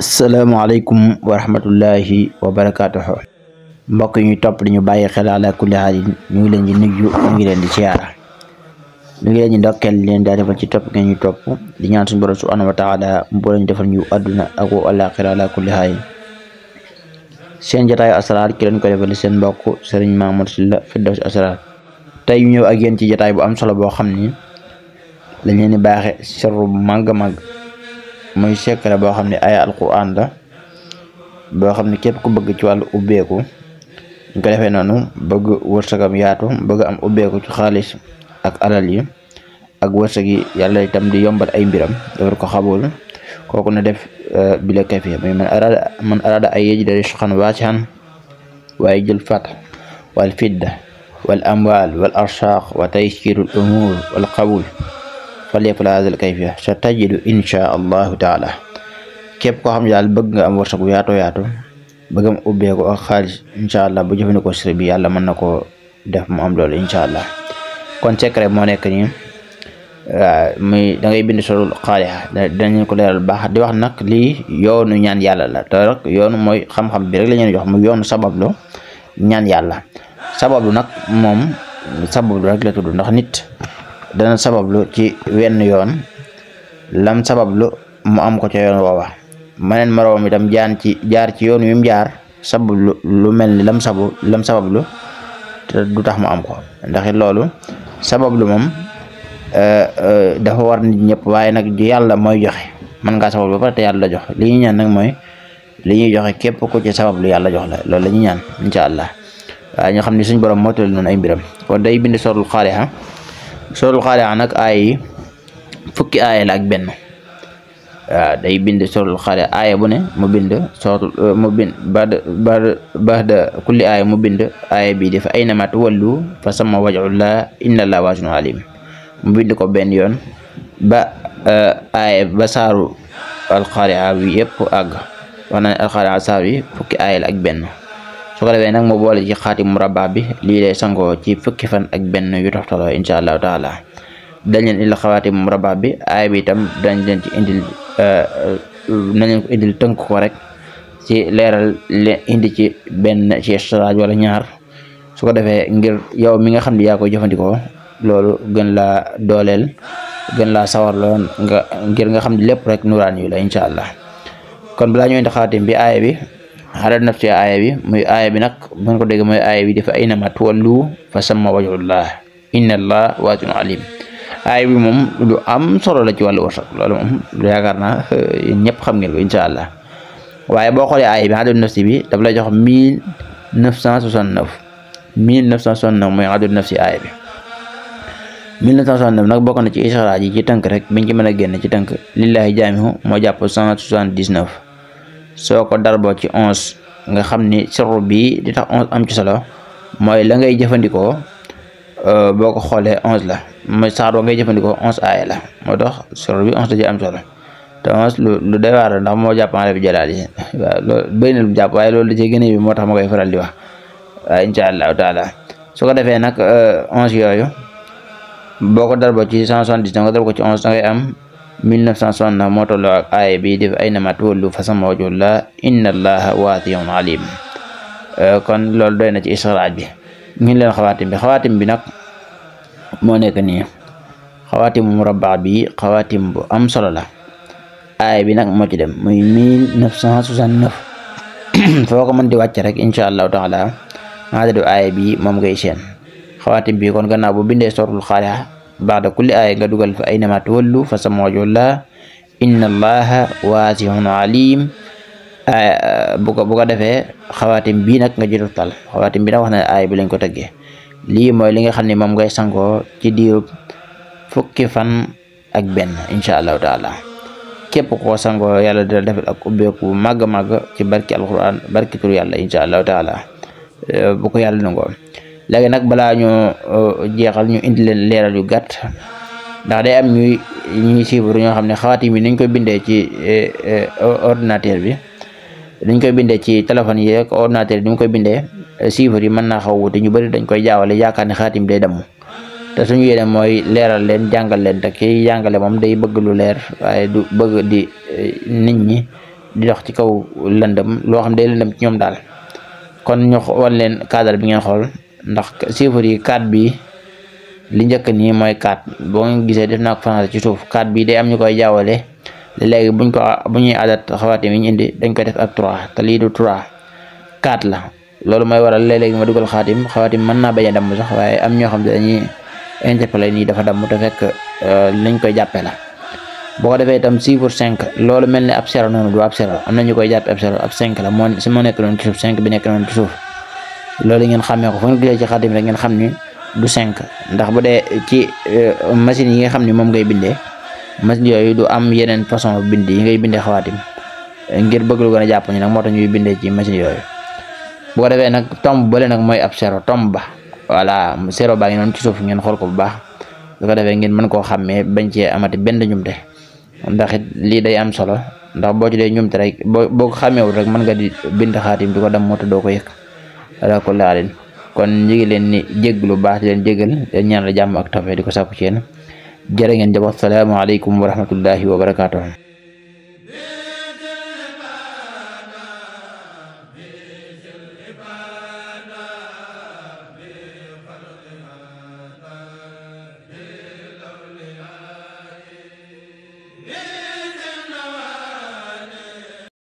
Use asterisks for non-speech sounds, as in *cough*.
salaamaaleykum wa rahmatullahi wa barakaatuhu mbokk ñu topp di ñu bàyyi xel ala kulli ñu ngi leen di nuyu ñu ngi leen di siyaara ñu ngi leen di ndokkeel leen daa defal ci topp ngeen ñu topp di ñaan suñu borom subhaanahu wa taala defal ñu àdduna ak wa alaaxira ala kulli seen jotaayu ko defal seen mbokk Sëriñ Mamour Sylla Firdawsi Asraar tey ñëw ak yéen ci jotaay bu am solo boo xam ni lañ leen di baaxe serru màgg-màgg moy secret bo xamni ne ay alquran la bo xamni kep ku bëgg ci walu ubbeeku nga defé nonu bëgg wërsëgam yaatu bëgg am ubbeeku ci xaaliss ak alal yi ak wërsëg yàlla itam di yombal ay mbiram dafar ko xabol koku na def bile kafi muy man arada man arada ay yejida risqan waasihan way jël fat wal fidda wal amwal wal arshaq wa taysiirul umuur wal qabul falyakul haazal kayfiya sa tajidu insha allahu taala képp koo xam ne daal bëgg nga am wërsëgu yaato yaatu bëgg am ubbeeku ak xaalis incha allah bu jëfandikoo sir bi yàlla mën na koo def mu am loolu incha allah kon secret moo nekk nii muy da ngay bind solul xaaliha danañ ko leeral baax di wax nag lii yoonu ñaan yàlla la te yoonu mooy xam-xam bi rek la jox mu yoonu sabablu ñaan yàlla sabablu nag moom sabablu rek la tudd ndax nit dana sabablu ci wenn yoon lam sabablu mu am ko ca yoon woowa maneen moroom itam jaan ci jaar ci yoon wi mu jaar sabablu lu mel ni lam sabu lam sabablu te du tax mu am ko ndax loolu sabab sabablu moom eh, eh, dafa war nit ñëpp waaye nag yàlla mooy joxe man ngaa sabablu ba pare te yàlla jox li ñu ñaan nag mooy li ñuy joxe képp ku ci sabablu yàlla jox la loolu la ñuy ñaan incha allah waaye ñoo xam ne suñ borom moo tëral noonu ay mbiram kon day bind sorul xaaliha suratul xaa nag ay fukki aaya la ak benn waaw day bind suratul xaari'a aaya bu mu bind suratul euh, mu bind bada bada kulli aaya mu bind aaya bi dafa aynama tuwallu fa sama wajhullah inna allaha waasi'un alim mu bind ko benn yoon ba euh, aaya ba saaru alxaari'a bi yëpp àgg wax na ne alxaari'a saar yi fukki aaya la ak benn su ko defee nag mu boole ci xaatim murabba bi lii lay sangoo ci fukki fan ak benn yu toftaloo incha allahu taala dañ leen indil xawaatim murabba bi aay bi itam dañ leen ci indil nañ eh, leen ko tënk ko rek ci leeral leen indi ci benn ci stage wala ñaar su ko defee ngir yow mi nga xam ne yaa koy jëfandikoo loolu gën laa dooleel gën laa sawar loon nga ngir nga xam ne lépp rek nuraan yu la incha allah kon balaa ñu indi xaatim bi aay bi xaaral nafti aaya bi muy aaya bi nag bu ko dégg mooy aaya bi dafa aynama tuwallu fa samma wajhullah inna allah waatun alim aaya bi moom lu am solo la ci wàllu wërsëg loolu moom yaakaar naa eh, ñëpp xam ngeen ko incha allah waaye boo xoolee aaya bi adadu nafsi bi daf lay jox mille neuf cent soixante neuf mille neuf cent soixante neuf mooy adadu nafsi aaya bi mille neuf cent soixante neuf nag bokk na ci isxaraaj yi mën a génn ci tënk lillahi jaamihu moo jàpp cent soixante dix neuf soo ko darboo ci onze nga xam ni sirru bii di tax onze am ci solo mooy la ngay jëfandikoo euh, boo ko xoolee onze la mooy saar boo ngay jëfandikoo onze aaya la moo tax sirru bi onze da ci te onze lu lu doy waar ndax moo jàppale bi jëlaat yi *laughs* waaw loolu bëri na lu jàpp waaye loolu da cee gën bi moo tax ma koy faral di wax waaw incha allahu taala su ko defee nag euh, onze yooyu boo ko darboo ci cent soixante-dix nga ko ci onze da ngay am 1969 moo tolloo ak aaya bi def ay nama tuwallu fa sama wajhullah inna allaha waatiyun alim euh, kon loolu doy na ci israaj bi ngin leen xawaatim bi xawaatim bi nag moo nekk nii xawaatimu murabba bi xawaatim bu am solo la aaya bi nag moo ci dem muy 1969 *coughs* foo ko mën di wàcc rek incha allahu taala maa dadu aaya bi moom ngay seen xawaatim bi kon gannaaw bu bindee sortul xaaliha ba'da kulli aya nga dugal fa aynama tawallu fa sama wajhullah inna allaha wasihun alim Buka-buka bu khawatim defee xawaatim bii nag nga jël tal xawaatim bi nag wax na aay bi lañ ko tëggee lii mooy li nga xam ne moom ngay sangoo ci diirub fukki fan ak benn incha taala képp koo sangoo yàlla dina defal ak ubbeeku màgg màgg ci barki alquran barki tur yalla incha allahu taala bu ko yalla nangoo léegi nag balaa ñu euh, jeexal ñu indi leen leeral yu gàtt ndax day am ñuy ñuy suivre ñoo xam ne xawaatim bi niñ koy bindee ci e, e, ordinateur bi niñ koy bindee ci téléphone yi ak ordinateur bi ni koy bindee chiffres e, yi mën naa xaw wuute ñu bëri dañ koy jaawale yaakaar ne xaatim day dem te suñu yéene mooy leeral leen jàngal leen te ki jàngale moom day bëgg lu leer waaye du bëgg di nit ñi di dox ci kaw lëndëm loo xam day lëndëm ci ñoom daal kon ñu wan leen cadre bi ngeen xool ndax chiffre yi 4 bi li njëkk nii mooy 4 boo ngeen gisee def naa ko français ci suuf 4 bi de am ñu koy jaawale léegi buñ ko bu ñu adat xawaati mi ñu indi dañ koy def ak 3 te lii du 3 4 la loolu mooy waral léeg-léeg ma dugal xaatim xawaatim mën naa bañ a damm sax waaye am ñoo xam ne dañuy interpellé nii dafa damm te fekk euh, liñ koy jàppee la boo ko defee itam 6 pour 5 loolu mel ne ab sero noonu du ab sero am na ñu koy jàppe ab sero ab 5 la moo si moo nekk noonu ci suuf 5 bi nekk noonu ci suuf loolu ngeen xamee ko fa ñu gisee ci xadim rek ngeen xam ni du 5 ndax bu dee ci euh, machine yi nga xam ni moom ngay bindee machine yooyu du am yeneen façon bind yi ngay bindee xawaatim ngir bëgg lu gën a jàpp ñu nag moo tax ñuy bindee ci machine yooyu bu ko defee nag tomb bële nag mooy ab sero tomb ba voilà sero baa ngi noonu ci suuf ngeen xool ko bu baax bu ko defee ngeen mën koo xàmmee bañ cee amati benn ñumte ndax it lii day am solo ndax boo ci dee ñumte rek boo boo ko xàmmeewul rek mën nga di bind xaatim di ko dem moo te ko yëg ala laa haalin kon ñu ngi leen ni jégg lu baax di leen jégal leen la jàmm ak tawfeex di ko sàkku ci yéen jërë ngeen jëf asalaamaaleykum wa rahmatullahi wa barakaatuh